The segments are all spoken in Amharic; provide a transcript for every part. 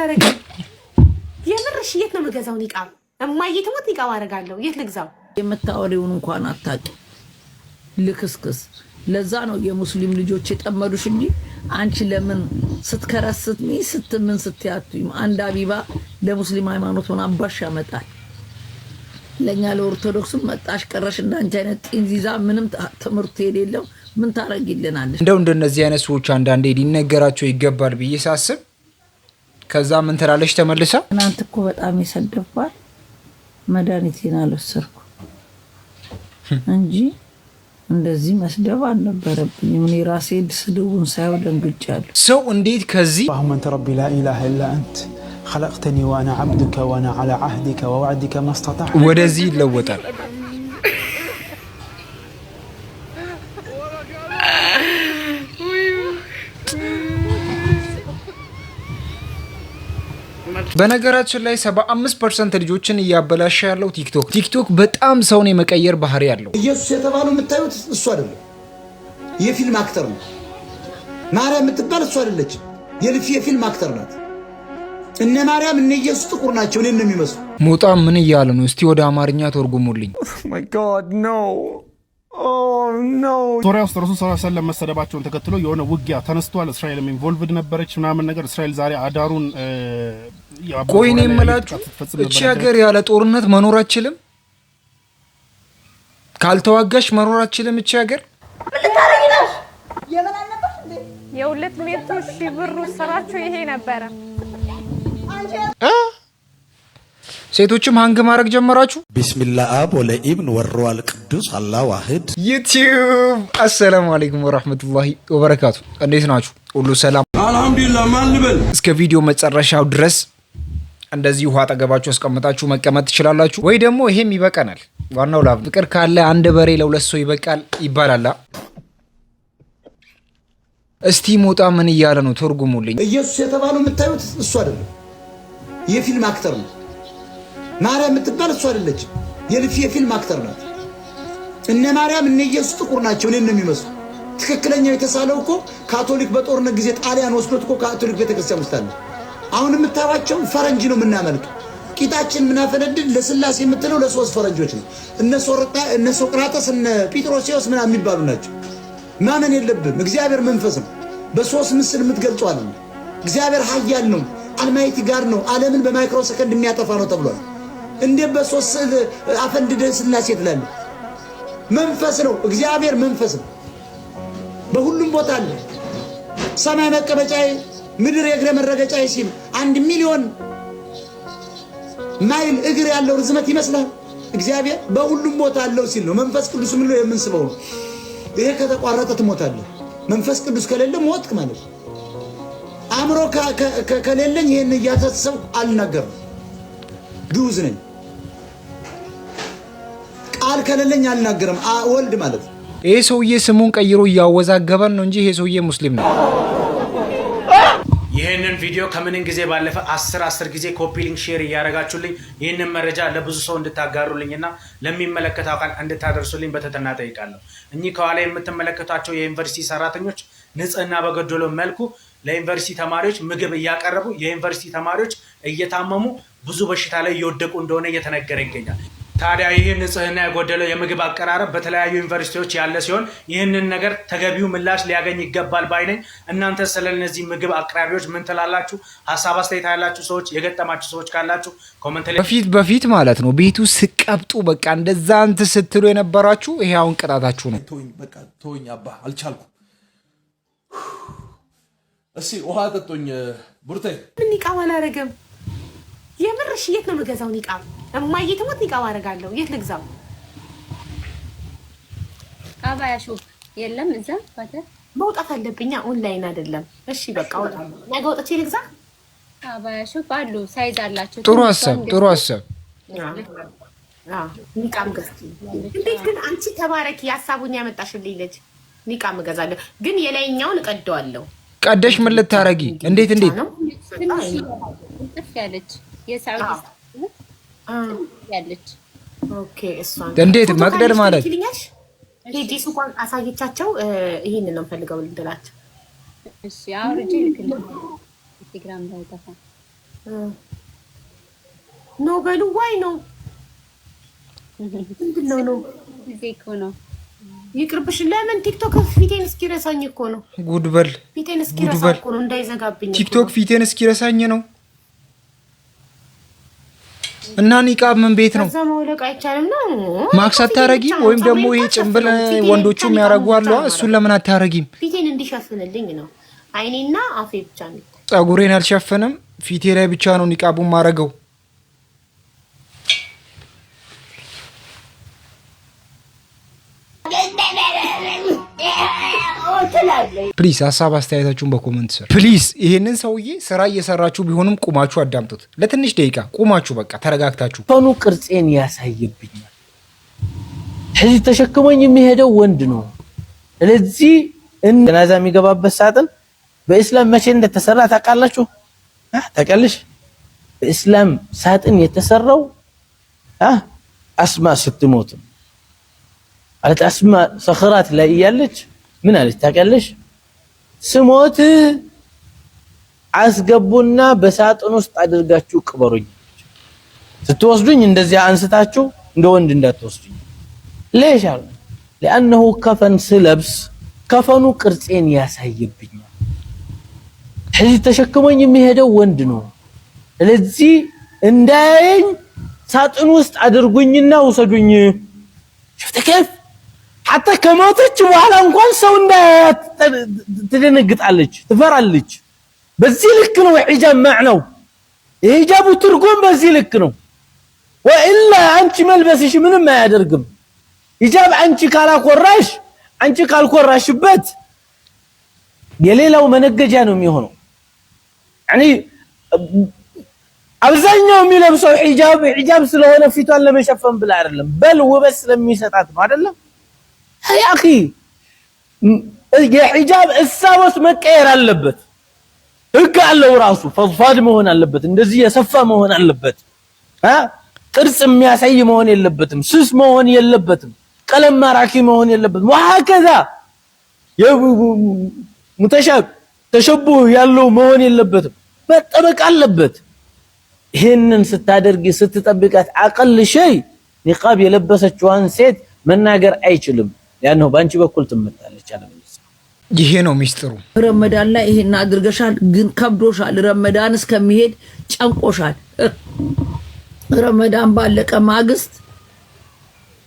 አላረገ የምርሽ የት ነው የምገዛው ኒቃብ? እማዬ ትሞት ኒቃብ አረጋለሁ። የት ልግዛው? የምታወሪውን እንኳን አታቂ ልክስክስ። ለዛ ነው የሙስሊም ልጆች የጠመዱሽ እንጂ አንቺ ለምን ስትከረስትኒ ስትምን አንድ አቢባ ለሙስሊም ሃይማኖት ሆን አባሽ ያመጣል ለእኛ ለኦርቶዶክስም መጣሽ ቀረሽ እንዳንቺ አይነት ጢንዚዛ ምንም ትምህርት የሌለው ምን ታረጊልናለች? እንደው እንደነዚህ አይነት ሰዎች አንዳንዴ ሊነገራቸው ይገባል ብዬ ሳስብ ከዛ ምን ትላለች ተመልሳ? ትናንት እኮ በጣም የሰደባል መድኃኒቴን አልወሰድኩ እንጂ እንደዚህ መስደብ አልነበረብኝም። እኔ ራሴ ስድቡን ሳየው ደንግጫለሁ። ሰው እንዴት ከዚህ አሁመንተ ረቢ ላ ኢላሃ ኢላ አንት ኸለቅተኒ ወአና ዓብዱከ ወአና ዓላ ዓህዲከ ወዋዕዲከ ማስተጣዕ ወደዚህ ይለወጣል። በነገራችን ላይ 75 ፐርሰንት ልጆችን እያበላሸ ያለው ቲክቶክ። ቲክቶክ በጣም ሰውን የመቀየር ባህሪ ያለው። ኢየሱስ የተባለው የምታዩት እሱ አይደለም፣ የፊልም አክተር ነው። ማርያም የምትባል እሱ አይደለችም፣ የፊልም አክተር ናት። እነ ማርያም እነ ኢየሱስ ጥቁር ናቸው፣ እኔን ነው የሚመስሉ። ሞጣ ምን እያለ ነው? እስቲ ወደ አማርኛ ተርጉሙልኝ። oh oh, ሶሪያ ውስጥ ረሱል ስ ዐለይሂ መሰደባቸውን ተከትሎ የሆነ ውጊያ ተነስቷል። እስራኤልም ኢንቮልቭድ ነበረች ምናምን ነገር። እስራኤል ዛሬ አዳሩን ቆይ እኔ የምላችሁ እቺ ሀገር ያለ ጦርነት መኖር አችልም፣ ካልተዋጋሽ መኖር አችልም። እቺ ሀገር የሁለት መቶ ሺ ብሩ ስራቸው ይሄ ነበረ። ሴቶችም ሀንግ ማድረግ ጀመራችሁ። ቢስሚላ አብ ወለኢብን ወረዋል ቅዱስ አላ ዋህድ ዩቲዩብ። አሰላሙ አሌይኩም ወራህመቱላሂ ወበረካቱ። እንዴት ናችሁ? ሁሉ ሰላም አልሐምዱሊላ። ማን ልበል? እስከ ቪዲዮ መጨረሻው ድረስ እንደዚህ ውሃ አጠገባችሁ አስቀምጣችሁ መቀመጥ ትችላላችሁ፣ ወይ ደግሞ ይሄም ይበቃናል። ዋናው ላብ ፍቅር ካለ አንድ በሬ ለሁለት ሰው ይበቃል ይባላላ። እስቲ ሞጣ ምን እያለ ነው? ተርጉሙልኝ። ኢየሱስ የተባለው የምታዩት እሱ አይደለም፣ የፊልም አክተር ነው። ማርያም የምትባል እሱ አይደለችም፣ የፊልም አክተር ናት። እነ ማርያም እነ ኢየሱስ ጥቁር ናቸው፣ እኔን ነው የሚመስሉ። ትክክለኛው የተሳለው እኮ ካቶሊክ በጦርነት ጊዜ ጣሊያን ወስዶት እኮ ካቶሊክ ቤተክርስቲያን ውስጥ አለ። አሁን የምታዩዋቸውን ፈረንጅ ነው የምናመልከው። ቂጣችን ምናፈነድን ለስላሴ የምትለው ለሶስት ፈረንጆች ነው። እነ ሶቅራጠስ እነ ጴጥሮሴዎስ ምና የሚባሉ ናቸው። ማመን የለብም። እግዚአብሔር መንፈስ ነው። በሶስት ምስል የምትገልጿል። እግዚአብሔር ሀያል ነው። አልማይቲ ጋር ነው። ዓለምን በማይክሮ ሰከንድ የሚያጠፋ ነው ተብሏል። እንዴት በሶስት ስዕል አፈንድደን ስላሴ ትላለ? መንፈስ ነው። እግዚአብሔር መንፈስ ነው። በሁሉም ቦታ አለ። ሰማይ መቀመጫዬ ምድር የእግረ መረገጫ ሲል አንድ ሚሊዮን ማይል እግር ያለው ርዝመት ይመስላል። እግዚአብሔር በሁሉም ቦታ አለው ሲል ነው። መንፈስ ቅዱስ ምን የምንስበው ነው። ይሄ ከተቋረጠ ትሞታለህ። መንፈስ ቅዱስ ከሌለ ሞትክ ማለት ነው። አእምሮ ከሌለኝ ይህን እያተሰብኩ አልናገርም። ግዑዝ ነኝ። ቃል ከሌለኝ አልናገርም። ወልድ ማለት ነው። ይሄ ሰውዬ ስሙን ቀይሮ እያወዛገበን ነው እንጂ ይሄ ሰውዬ ሙስሊም ነው። ይህንን ቪዲዮ ከምንም ጊዜ ባለፈ አስር አስር ጊዜ ኮፒሊንግ ሼር እያደረጋችሁልኝ ይህንን መረጃ ለብዙ ሰው እንድታጋሩልኝ እና አካል እንድታደርሱልኝ በትህትና ጠይቃለሁ። እኚህ ከኋላ የምትመለከቷቸው የዩኒቨርሲቲ ሰራተኞች ንጽህና በገደሎ መልኩ ለዩኒቨርሲቲ ተማሪዎች ምግብ እያቀረቡ የዩኒቨርሲቲ ተማሪዎች እየታመሙ ብዙ በሽታ ላይ እየወደቁ እንደሆነ እየተነገረ ይገኛል። ታዲያ ይህ ንጽህና የጎደለው የምግብ አቀራረብ በተለያዩ ዩኒቨርሲቲዎች ያለ ሲሆን ይህንን ነገር ተገቢው ምላሽ ሊያገኝ ይገባል ባይነኝ። እናንተ ስለ እነዚህ ምግብ አቅራቢዎች ምን ትላላችሁ? ሀሳብ አስተያየት ያላችሁ ሰዎች የገጠማችሁ ሰዎች ካላችሁ ኮመንት በፊት በፊት ማለት ነው ቤቱ ስቀብጡ በቃ እንደዛ እንትን ስትሉ የነበራችሁ ይሄ አሁን ቅጣታችሁ ነው። በቃ ተወኝ አባ አልቻልኩ። እስኪ ውሃ ጠጦኝ ቡርተ ምን ይቃማን አላረገም የምርሽ የት ነው የምገዛው ኒቃብ? እማዬ ትሞት ኒቃብ አደርጋለሁ። የት ልግዛው? አባያ ሾፕ የለም እዛ ባተ መውጣት አለብኛ። ኦንላይን አይደለም። እሺ በቃ ነገ ወጥቼ ልግዛ። አባያ ባሉ ሳይዝ አላቸው። ጥሩ አሰብ፣ ጥሩ ሀሳብ። ኒቃም ገዝቼ እንዴት ግን አንቺ ተባረኪ። ሀሳቡን ያመጣሽልኝ ልጅ ኒቃም እገዛለሁ፣ ግን የላይኛውን እቀደዋለሁ። ቀደሽ ምን ልታረጊ? እንዴት እንዴት ነው ትንሽ ያለች ያለች እንዴት መቅደድ ማለት ሄጂ ሱቋን አሳየቻቸው። ይህን ነው ፈልገው ልንትላቸው ነው በሉ ዋይ ነው ምንድን ነው ነው ነው ይቅርብሽ። ለምን ቲክቶክ ፊቴን እስኪረሳኝ እኮ ነው። ጉድበል ፊቴን እስኪረሳኝ እኮ ነው። እንዳይዘጋብኝ ቲክቶክ ፊቴን እስኪረሳኝ ነው። እና ኒቃብ ምን ቤት ነው ማክስ አታረጊም? ወይም ደግሞ ይሄ ጭንብል ወንዶቹ የሚያረጉ አለ እሱን ለምን አታረጊም? ፊቴን እንዲሸፍንልኝ ነው። አይኔና አፌ ብቻ ነው። ጸጉሬን አልሸፍንም። ፊቴ ላይ ብቻ ነው ኒቃቡን ማረገው። ፕሊስ ሀሳብ አስተያየታችሁን በኮመንት ስር ፕሊስ። ይህንን ሰውዬ ስራ እየሰራችሁ ቢሆንም ቁማችሁ አዳምጡት ለትንሽ ደቂቃ ቁማችሁ፣ በቃ ተረጋግታችሁ። ሆኑ ቅርጼን ያሳይብኛል። እዚህ ተሸክሞኝ የሚሄደው ወንድ ነው። ስለዚህ ጀናዛ የሚገባበት ሳጥን በእስላም መቼ እንደተሰራ ታውቃላችሁ? ታውቂያለሽ? በእስላም ሳጥን የተሰራው አስማ ስትሞት ማለት አስማ ሰኽራት ላይ እያለች ምን አለች ታውቂያለሽ? ስሞት አስገቡና በሳጥን ውስጥ አድርጋችሁ ቅበሩኝ። ስትወስዱኝ እንደዚያ አንስታችሁ እንደ ወንድ እንዳትወስዱኝ። ለይሽ አሉ ከፈን ስለብስ ከፈኑ ቅርጼን ያሳይብኛል። እዚህ ተሸክሞኝ የሚሄደው ወንድ ነው። ስለዚህ እንዳያየኝ ሳጥን ውስጥ አድርጉኝና ውሰዱኝ። ሽፍተ አታ ከሞተች በኋላ እንኳን ሰው እንዳያት ትደነግጣለች፣ ትፈራለች። በዚህ ልክ ነው ሒጃብ ማዕናው፣ የሂጃቡ ትርጉም በዚህ ልክ ነው። ወኢላ አንቺ መልበስሽ ምንም አያደርግም። ሂጃብ አንቺ ካላኮራሽ፣ አንቺ ካልኮራሽበት የሌላው መነገጃ ነው የሚሆነው። ያኒ አብዛኛው የሚለብሰው ሒጃብ ሂጃብ ስለሆነ ፊቷን ለመሸፈን ብላ አይደለም፣ በል ውበት ስለሚሰጣት ነው አይደለም ያኺ የሂጃብ እሳቦት መቀየር አለበት። ህግ አለው ራሱ ፈድፋድ መሆን አለበት። እንደዚህ የሰፋ መሆን አለበት። ቅርጽ የሚያሳይ መሆን የለበትም። ስስ መሆን የለበትም። ቀለም ማራኪ መሆን የለበትም። ወሀከዛ ሙተሻ ተሸቡህ ያለው መሆን የለበትም። መጠበቅ አለበት። ይህንን ስታደርግ ስትጠብቃት አቀል ሸይ ኒቃብ የለበሰችዋን ሴት መናገር አይችልም። ያ ነው በአንቺ በኩል ትመጣለች አለም። ይሄ ነው ሚስጥሩ። ረመዳን ላይ ይሄን አድርገሻል፣ ግን ከብዶሻል። ረመዳን እስከሚሄድ ጨንቆሻል። ረመዳን ባለቀ ማግስት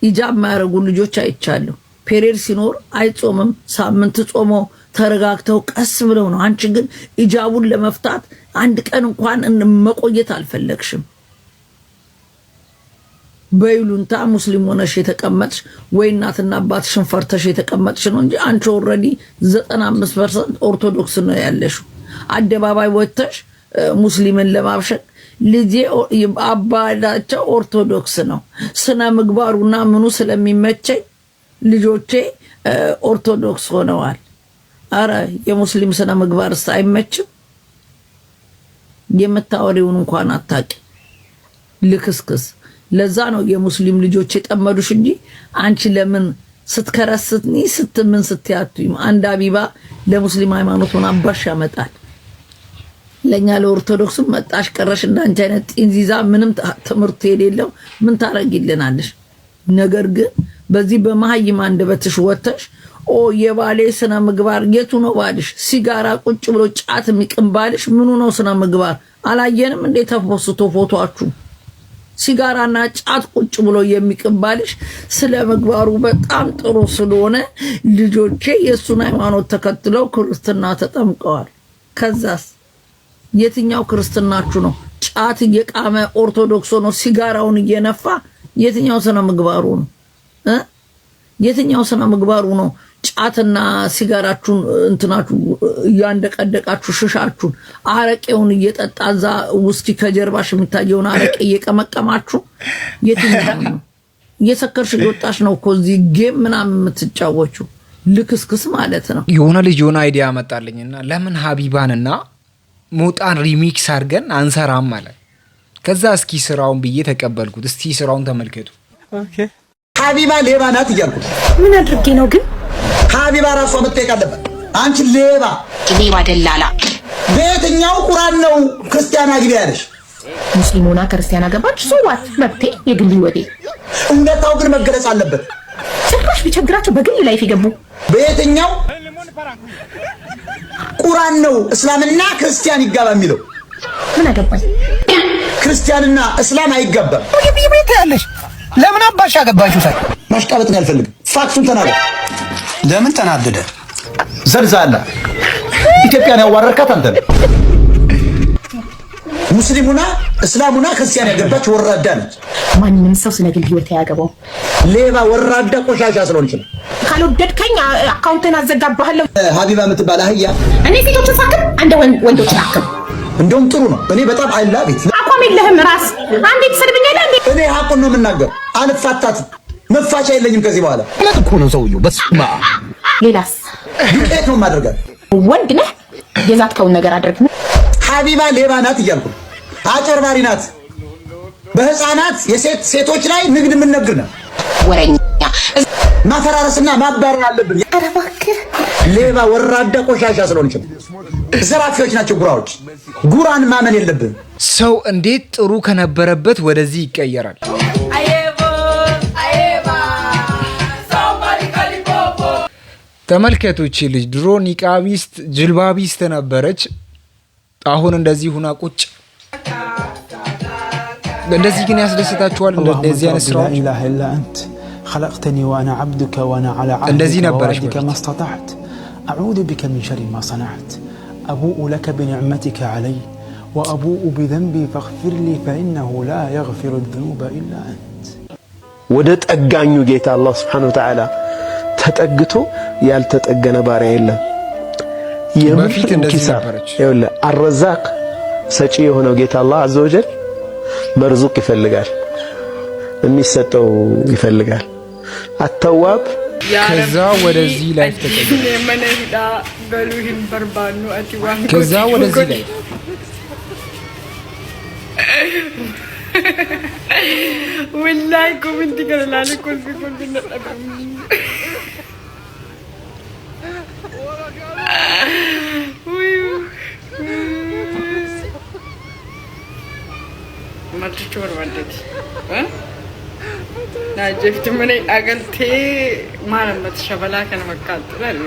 ኢጃብ የማያደርጉ ልጆች አይቻለሁ። ፔሬድ ሲኖር አይጾምም። ሳምንት ጾሞ ተረጋግተው ቀስ ብለው ነው። አንቺ ግን ኢጃቡን ለመፍታት አንድ ቀን እንኳን መቆየት አልፈለግሽም። በይሉንታ ሙስሊም ሆነሽ የተቀመጥሽ ወይ እናትና አባትሽን ፈርተሽ የተቀመጥሽ ነው እንጂ አንቺ ኦልሬዲ ዘጠና አምስት ፐርሰንት ኦርቶዶክስ ነው ያለሽው። አደባባይ ወጥተሽ ሙስሊምን ለማብሸት ልጄ አባዳቸው ኦርቶዶክስ ነው ስነ ምግባሩና ምኑ ስለሚመቸኝ ልጆቼ ኦርቶዶክስ ሆነዋል። አረ የሙስሊም ስነ ምግባርስ አይመችም? የምታወሪውን እንኳን አታቂ ልክስክስ ለዛ ነው የሙስሊም ልጆች የጠመዱሽ እንጂ አንቺ ለምን ስትከረስትኒ ስትምን ስትያቱኝ አንድ አቢባ ለሙስሊም ሃይማኖት ሆና አባሽ ያመጣል። ለእኛ ለኦርቶዶክስም መጣሽ ቀረሽ እንዳንቺ አይነት ጢንዚዛ ምንም ትምህርት የሌለው ምን ታረጊልናለሽ? ነገር ግን በዚህ በመሀይም አንደበትሽ ወተሽ ኦ የባሌ ስነ ምግባር የቱ ነው ባልሽ? ሲጋራ ቁጭ ብሎ ጫት የሚቅም ባልሽ ምኑ ነው ስነ ምግባር? አላየንም እንዴ ተፖስቶ ፎቶአችሁ ሲጋራና ጫት ቁጭ ብሎ የሚቅባልሽ ስለ ምግባሩ በጣም ጥሩ ስለሆነ ልጆቼ የእሱን ሃይማኖት ተከትለው ክርስትና ተጠምቀዋል። ከዛስ የትኛው ክርስትናችሁ ነው? ጫት እየቃመ ኦርቶዶክስ ሆኖ ሲጋራውን እየነፋ የትኛው ስነ ምግባሩ ነው? የትኛው ስነ ምግባሩ ነው? ጫትና ሲጋራችሁን እንትናችሁ እያንደቀደቃችሁ ሽሻችሁን አረቄውን እየጠጣ እዛ ውስኪ ከጀርባሽ የሚታየውን አረቄ እየቀመቀማችሁ የትኛው ነው? እየሰከርሽ እየወጣሽ ነው እኮ እዚህ ጌም ምናምን የምትጫወችው ልክስክስ ማለት ነው። የሆነ ልጅ የሆነ አይዲያ እና ለምን ሀቢባንና ሞጣን ሪሚክስ አድርገን አንሰራም ማለት ከዛ እስኪ ስራውን ብዬ ተቀበልኩት። እስቲ ስራውን ተመልከቱ። ሀቢባ ሌባ ናት ምን አድርጌ ነው ግን ከሀቢባ ራሷ መጠየቅ አለበት። አንቺ ሌባ ሌባ ደላላ፣ በየትኛው ቁራን ነው ክርስቲያና ግቢ ያለሽ? ሙስሊም ሆና ክርስቲያና ገባች ሰዋት መብቴ፣ የግል ወዴ። እውነታው ግን መገለጽ አለበት። ጭራሽ ቢቸግራቸው በግል ላይፍ የገቡ በየትኛው ቁራን ነው እስላምና ክርስቲያን ይጋባ የሚለው? ምን አገባኝ። ክርስቲያንና እስላም አይጋባም። ይብይብ ያለሽ ለምን አባሽ አገባችሁ? ሳይ ማሽቃበጥ አልፈልግም። ፋክሱን ተናገር ለምን ተናደደ? ዘርዛላ ኢትዮጵያን ያዋረርካት አንተ ነህ። ሙስሊሙና እስላሙና ክርስቲያን ያገባች ወራዳ ነች። ማንም ሰው ስነግል ህይወት ያገባው ሌባ፣ ወራዳ፣ ቆሻሻ ስለሆነች ነው። ካልወደድከኝ አካውንትን አዘጋባለሁ። ሀቢባ የምትባል አህያ እኔ ሴቶችን ሳክም አንደ ወንዶችን አክም እንደውም ጥሩ ነው። እኔ በጣም አይላ ቤት አቋም የለህም ራስ አንዴ ትሰድብኛለህ። እኔ ሀቁን ነው የምናገር አልፋታትም መፋቻ የለኝም ከዚህ በኋላ እኮ ነው ሰውዬው። በስማ ሌላስ ዱቄት ነው የማደርጋት። ወንድ ነህ፣ የዛትከውን ነገር አድርግ። ሀቢባ ሌባ ናት እያልኩ አጨርባሪ ናት። በህፃናት የሴት ሴቶች ላይ ንግድ የምንነግር ነው። ወረኛ ማፈራረስና ማባረር አለብን። ኧረ እባክህ ሌባ፣ ወራዳ፣ ቆሻሻ ስለሆንችም ዘራፊዎች ናቸው ጉራዎች። ጉራን ማመን የለብን። ሰው እንዴት ጥሩ ከነበረበት ወደዚህ ይቀየራል? ተመልከቶች ልጅ ድሮ ኒቃቢስት ጅልባቢስት ነበረች። አሁን እንደዚህ ሁና ቁጭ እንደዚህ ግን ያስደስታችኋል? እንደዚህ አይነት ስራዎች እንደዚህ ነበረች። አዑዙ ቢከ ሚን ሸሪ ማ ሰነዕት አቡኡ ለከ ቢኒዕመቲከ ዐለይ ወአቡኡ ቢዘንቢ ሊ ፈኢነሁ ላ የግፊሩ ዙኑበ ኢላ አንት ወደ ጠጋኙ ጌታ አላህ ሱብሓነሁ ወተዓላ ተጠግቶ ያልተጠገነ ባሪያ የለም። የበፊት እንደዚህ ነበረች። አረዛቅ ሰጪ የሆነው ጌታ አላህ አዘወጀል መርዙቅ ይፈልጋል፣ የሚሰጠው ይፈልጋል። አተዋብ ከዛ ወደዚህ ላይፍ ከዛ ወደዚህ ላይፍ ወላሂ ኮሜንት ማድቾር ማለት ናጀፍት ምን አገልቴ ማለት ሸበላ ከነ መቃጥላል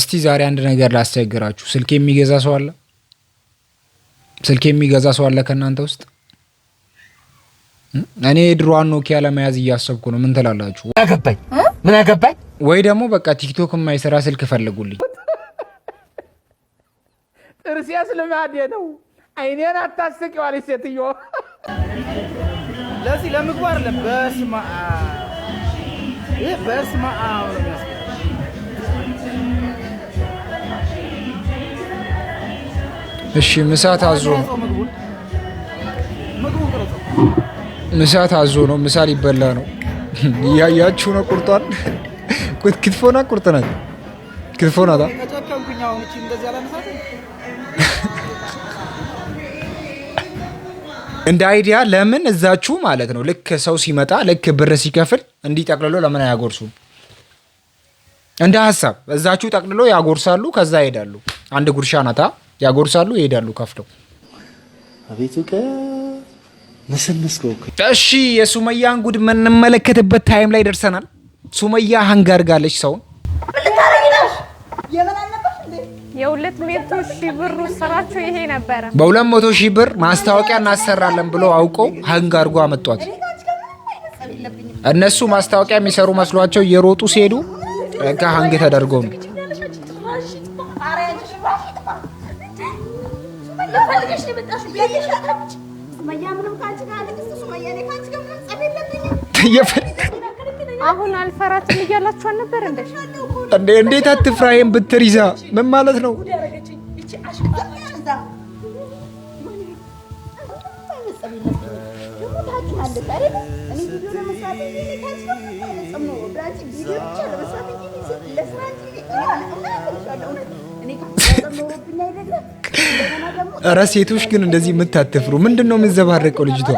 እስቲ ዛሬ አንድ ነገር ላስቸግራችሁ። ስልክ የሚገዛ ሰው አለ? ስልክ የሚገዛ ሰው አለ ከእናንተ ውስጥ? እኔ የድሮዋን ኖኪያ ለመያዝ እያሰብኩ ነው። ምን ትላላችሁ? አገባኝ ምን አገባኝ። ወይ ደግሞ በቃ ቲክቶክ የማይሰራ ስልክ ፈልጉልኝ። ጥርሴስ ልማዴ ነው። አይኔን አታስቂዋለች ሴትዮ። ለዚህ ለምግባር ለበስማ በስማ በስማ እሺ ምሳ ታዞ ምሳ ታዞ ነው። ምሳ ሊበላ ነው። እያያችሁ ነው። ቁርጧል። ክትፎና ናት። ቁርጥ እንደ አይዲያ ለምን እዛችሁ ማለት ነው። ልክ ሰው ሲመጣ ልክ ብር ሲከፍል እንዲህ ጠቅልሎ ለምን አያጎርሱም? እንደ ሀሳብ እዛችሁ ጠቅልሎ ያጎርሳሉ። ከዛ ይሄዳሉ። አንድ ጉርሻ ናታ ያጎርሳሉ፣ ይሄዳሉ ከፍለው። አቤቱ እሺ፣ የሱመያን ጉድ የምንመለከትበት ታይም ላይ ደርሰናል። ሱመያ ጋለች ሰውን የሁለት መቶ ሺህ ብሩ ስራቸው ይሄ ነበረ። በሁለት መቶ ሺህ ብር ማስታወቂያ እናሰራለን ብሎ አውቀው አንጋርጎ አመጧት። እነሱ ማስታወቂያ የሚሰሩ መስሏቸው እየሮጡ ሲሄዱ በቃ ሀንግ ተደርገው ነው አሁን አልፈራትም እያላችሁ አልነበር እንዴ? እንዴት አትፍራዬም ብትር ይዛ ምን ማለት ነው? ኧረ ሴቶች ግን እንደዚህ የምታትፍሩ ምንድን ነው የምንዘባረቀው? ልጅቷ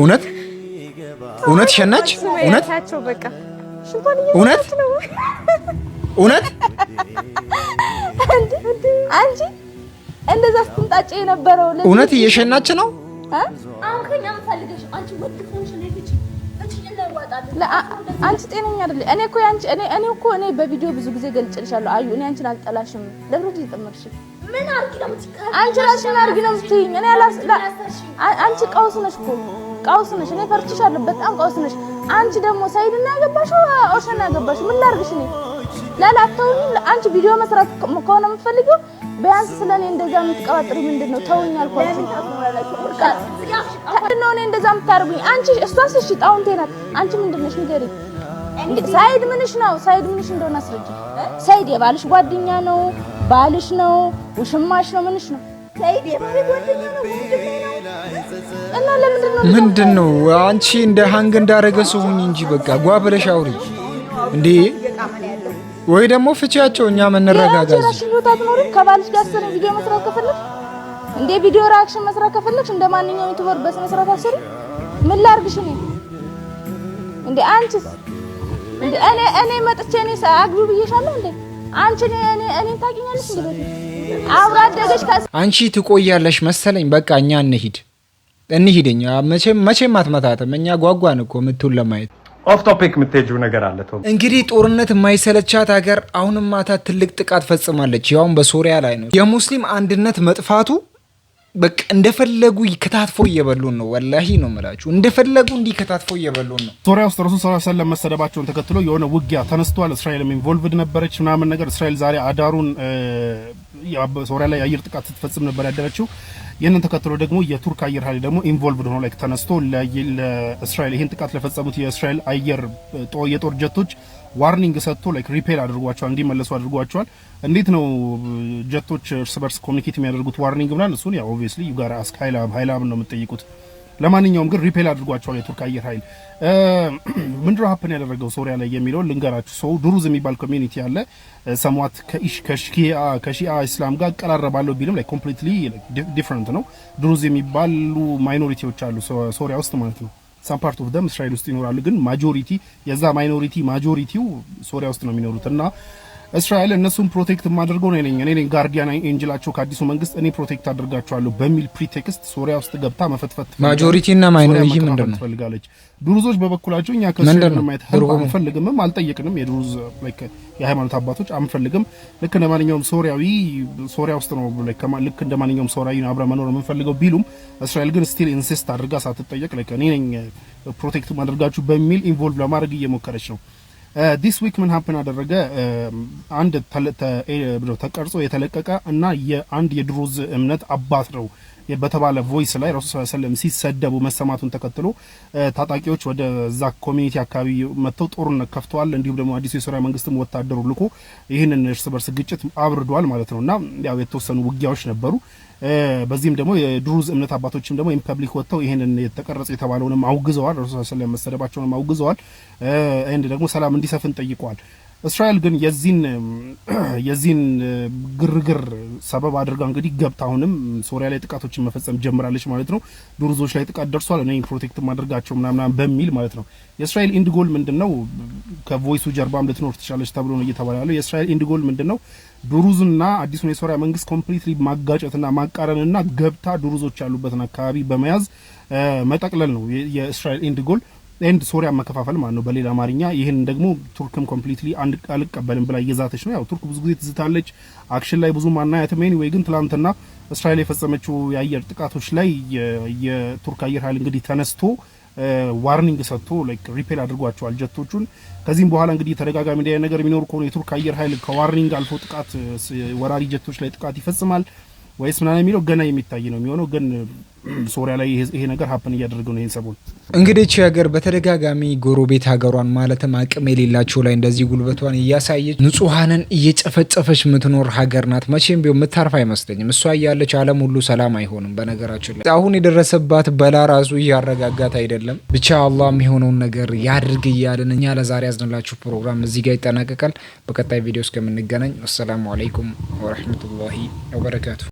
እውነት እውነት ሸናች እውነት እውነት እውነት እንደዛ ስትምጣጭ የነበረው እውነት እየሸናች ነው። አሁን አንቺ ጤነኛ አይደለ። እኔ እኮ አንቺ እኔ እኔ እኮ እኔ በቪዲዮ ብዙ ጊዜ ገልጭልሻለሁ። አዩ እኔ አንቺን አልጠላሽም። ለብረት ይጥምርሽ አንቺ ራስሽ ምን ነው የምትይኝ? እኔ አላስ አንቺ ቀውስ ነሽ እኮ ቀውስ ነሽ። እኔ ፈርችሻለሁ። በጣም ቀውስ ነሽ። አንቺ ደግሞ ሳይድ እና ያገባሽው ኦሸን ያገባሽው ምን ላርግሽ? እኔ ላላ አንቺ ቪዲዮ መስራት ከሆነ የምትፈልጊው ቢያንስ እኔ እንደዛ የምትቀባጥሪ ምንድን ነው? ተውኝ አልኳችሁ። ምንድን ነው እኔ እንደዛ የምታደርጉኝ? አንቺ እሷስ እሺ ጣውንቴ ናት። አንቺ ምንድን ነሽ ሳይድ ምንሽ ነው? ሳይድ ምንሽ እንደሆነ አስረጅ። ሳይድ የባልሽ ጓደኛ ነው? ባልሽ ነው? ውሽማሽ ነው? ምንሽ ነው? ምንድን ነው አንቺ እንደ ሀንግ እንዳረገ ሰው ሁኚ እንጂ በቃ ጓ ብለሽ አውሪ እንዴ ወይ ደግሞ ፍቺያቸው፣ እኛ መነረጋጋዝ ራስሽ ህይወት አትኖርም። ከባልሽ ጋር ስለ ቪዲዮ መስራት ከፈለግሽ እንዴ ቪዲዮ ሪአክሽን መስራት ከፈለግሽ እንደ ማንኛውም ዩቲዩበር በስነ ስርዓት አስሪ። ምን ላርግሽ ነው እንዴ አንቺስ እንዴ እኔ እኔ መጥቼ እኔ አግቢ ብዬሻለሁ እንዴ? አንቺ እኔ እኔ እኔን ታውቂኛለሽ እንዴ? አብራ አደገሽ ካስ አንቺ ትቆያለሽ መሰለኝ። በቃ እኛ እንሂድ እንሂድ። እኛ መቼም መቼም አትመታትም። እኛ ጓጓን እኮ ምቱን ለማየት ኦፍ ቶፒክ የምትሄጂው ነገር አለ። እንግዲህ ጦርነት የማይሰለቻት ሀገር አሁንም ማታ ትልቅ ጥቃት ፈጽማለች። ያውም በሶሪያ ላይ ነው። የሙስሊም አንድነት መጥፋቱ በቃ እንደፈለጉ ከታትፎ እየበሉን ነው። ወላሂ ነው የምላችሁ፣ እንደፈለጉ እንዲህ ከታትፎ እየበሉን ነው። ሶሪያ ውስጥ ረሱል ሰለላሁ ዐለይሂ ወሰለም መሰደባቸውን ተከትሎ የሆነ ውጊያ ተነስቷል። እስራኤልም ኢንቮልቭድ ነበረች ምናምን ነገር እስራኤል ዛሬ አዳሩን ሶሪያ ላይ የአየር ጥቃት ስትፈጽም ነበር ያደረችው። ይህንን ተከትሎ ደግሞ የቱርክ አየር ኃይል ደግሞ ኢንቮልቭድ ሆኖ ላይ ተነስቶ ለእስራኤል ይህን ጥቃት ለፈጸሙት የእስራኤል አየር የጦር ጀቶች ዋርኒንግ ሰጥቶ ላይክ ሪፔል አድርጓቸዋል፣ እንዲመለሱ አድርጓቸዋል። እንዴት ነው ጀቶች እርስ በርስ ኮሚኒኬት የሚያደርጉት ዋርኒንግ ብላል። እሱን ያው ኦብቪየስሊ ዩ ጋር አስክ ሀይላም ነው የምትጠይቁት ለማንኛውም ግን ሪፔል አድርጓቸዋል የቱርክ አየር ኃይል። ምንድነው ሀፕን ያደረገው ሶሪያ ላይ የሚለው ልንገራችሁ። ሰው ዱሩዝ የሚባል ኮሚኒቲ አለ ሰሟት ከሺአ ኢስላም ጋር እቀራረባለሁ ቢልም ላይ ኮምፕሊትሊ ዲፍረንት ነው። ዱሩዝ የሚባሉ ማይኖሪቲዎች አሉ ሶሪያ ውስጥ ማለት ነው። ሳም ፓርት ኦፍ ደም እስራኤል ውስጥ ይኖራሉ፣ ግን ማጆሪቲ የዛ ማይኖሪቲ ማጆሪቲው ሶሪያ ውስጥ ነው የሚኖሩት እና እስራኤል እነሱን ፕሮቴክት የማደርገው ነው ነኝ እኔ ጋርዲያን ኤንጅላቸው ከአዲሱ መንግስት እኔ ፕሮቴክት አድርጋቸዋለሁ በሚል ፕሪቴክስት ሶሪያ ውስጥ ገብታ መፈትፈት ማጆሪቲና ማይኖሪቲ ምንድን ነው ትፈልጋለች። ድሩዞች በበኩላቸው እኛ ከእስራኤል ማየት አንፈልግምም፣ አልጠየቅንም። የድሩዝ የሃይማኖት አባቶች አንፈልግም። ልክ እንደ ማንኛውም ሶሪያዊ ሶሪያ ውስጥ ነው ልክ እንደ ማንኛውም ሶሪያዊ አብረ መኖር የምንፈልገው ቢሉም እስራኤል ግን ስቲል ኢንሲስት አድርጋ ሳትጠየቅ እኔ ነኝ ፕሮቴክት ማድረጋችሁ በሚል ኢንቮልቭ ለማድረግ እየሞከረች ነው። ዲስ ዊክ ምን ሀፕን አደረገ? አንድ ተቀርጾ የተለቀቀ እና የአንድ የድሩዝ እምነት አባት ነው በተባለ ቮይስ ላይ ረሱል ሰለላሁ ሰለም ሲሰደቡ መሰማቱን ተከትሎ ታጣቂዎች ወደዛ ኮሚኒቲ አካባቢ መጥተው ጦርነት ከፍተዋል። እንዲሁም ደግሞ አዲሱ የሶሪያ መንግስትም ወታደሩ ልኮ ይህንን እርስ በርስ ግጭት አብርዷል ማለት ነው እና ያው የተወሰኑ ውጊያዎች ነበሩ። በዚህም ደግሞ የድሩዝ እምነት አባቶችም ደግሞ ፐብሊክ ወጥተው ይሄንን የተቀረጸ የተባለውንም አውግዘዋል። ረሱል ሰለላሁ ዐለይሂ ወሰለም መሰደባቸውንም አውግዘዋል። ኤንድ ደግሞ ሰላም እንዲሰፍን ጠይቀዋል። እስራኤል ግን የዚህን የዚህን ግርግር ሰበብ አድርጋ እንግዲህ ገብታ አሁንም ሶሪያ ላይ ጥቃቶችን መፈጸም ጀምራለች ማለት ነው። ዱርዞች ላይ ጥቃት ደርሷል፣ እኔ ፕሮቴክት ማድረጋቸው ምናምናም በሚል ማለት ነው። የእስራኤል ኢንድ ጎል ምንድን ነው? ከቮይሱ ጀርባም ልትኖር ትችላለች ተብሎ ነው እየተባለ ያለው። የእስራኤል ኢንድ ጎል ምንድን ነው? ዱሩዝና አዲሱን የሶሪያ መንግስት ኮምፕሊትሊ ማጋጨትና ማቃረንና ገብታ ዱሩዞች ያሉበትን አካባቢ በመያዝ መጠቅለል ነው የእስራኤል ኢንድ ጎል። ኤንድ ሶሪያ መከፋፈል ማለት ነው በሌላ አማርኛ። ይህን ደግሞ ቱርክም ኮምፕሊትሊ አንድ አልቀበልም ብላ እየዛተች ነው። ያው ቱርክ ብዙ ጊዜ ትዝታለች፣ አክሽን ላይ ብዙ ማናያትም። ኤኒዌይ ግን ትላንትና እስራኤል የፈጸመችው የአየር ጥቃቶች ላይ የቱርክ አየር ኃይል እንግዲህ ተነስቶ ዋርኒንግ ሰጥቶ ላይክ ሪፔል አድርጓቸዋል ጀቶቹን። ከዚህም በኋላ እንግዲህ ተደጋጋሚ እንዲህ ነገር የሚኖር ከሆነ የቱርክ አየር ኃይል ከዋርኒንግ አልፎ ጥቃት ወራሪ ጀቶች ላይ ጥቃት ይፈጽማል። ወይስ ምናምን የሚለው ገና የሚታይ ነው የሚሆነው። ግን ሶሪያ ላይ ይሄ ነገር ሀፕን እያደረገ ነው ይህን ሰሞን። እንግዲህ እቺ ሀገር በተደጋጋሚ ጎረቤት ሀገሯን ማለትም አቅም የሌላቸው ላይ እንደዚህ ጉልበቷን እያሳየች ንጹሐንን እየጨፈጨፈች የምትኖር ሀገር ናት። መቼም ቢሆን የምታርፍ አይመስለኝም። እሷ እያለች ዓለም ሁሉ ሰላም አይሆንም። በነገራችን ላይ አሁን የደረሰባት በላ ራሱ እያረጋጋት አይደለም። ብቻ አላህ የሚሆነውን ነገር ያድርግ እያልን እኛ ለዛሬ ያዝንላችሁ ፕሮግራም እዚህ ጋር ይጠናቀቃል። በቀጣይ ቪዲዮ እስከምንገናኝ ወሰላሙ አለይኩም ወረህመቱላሂ ወበረካቱ።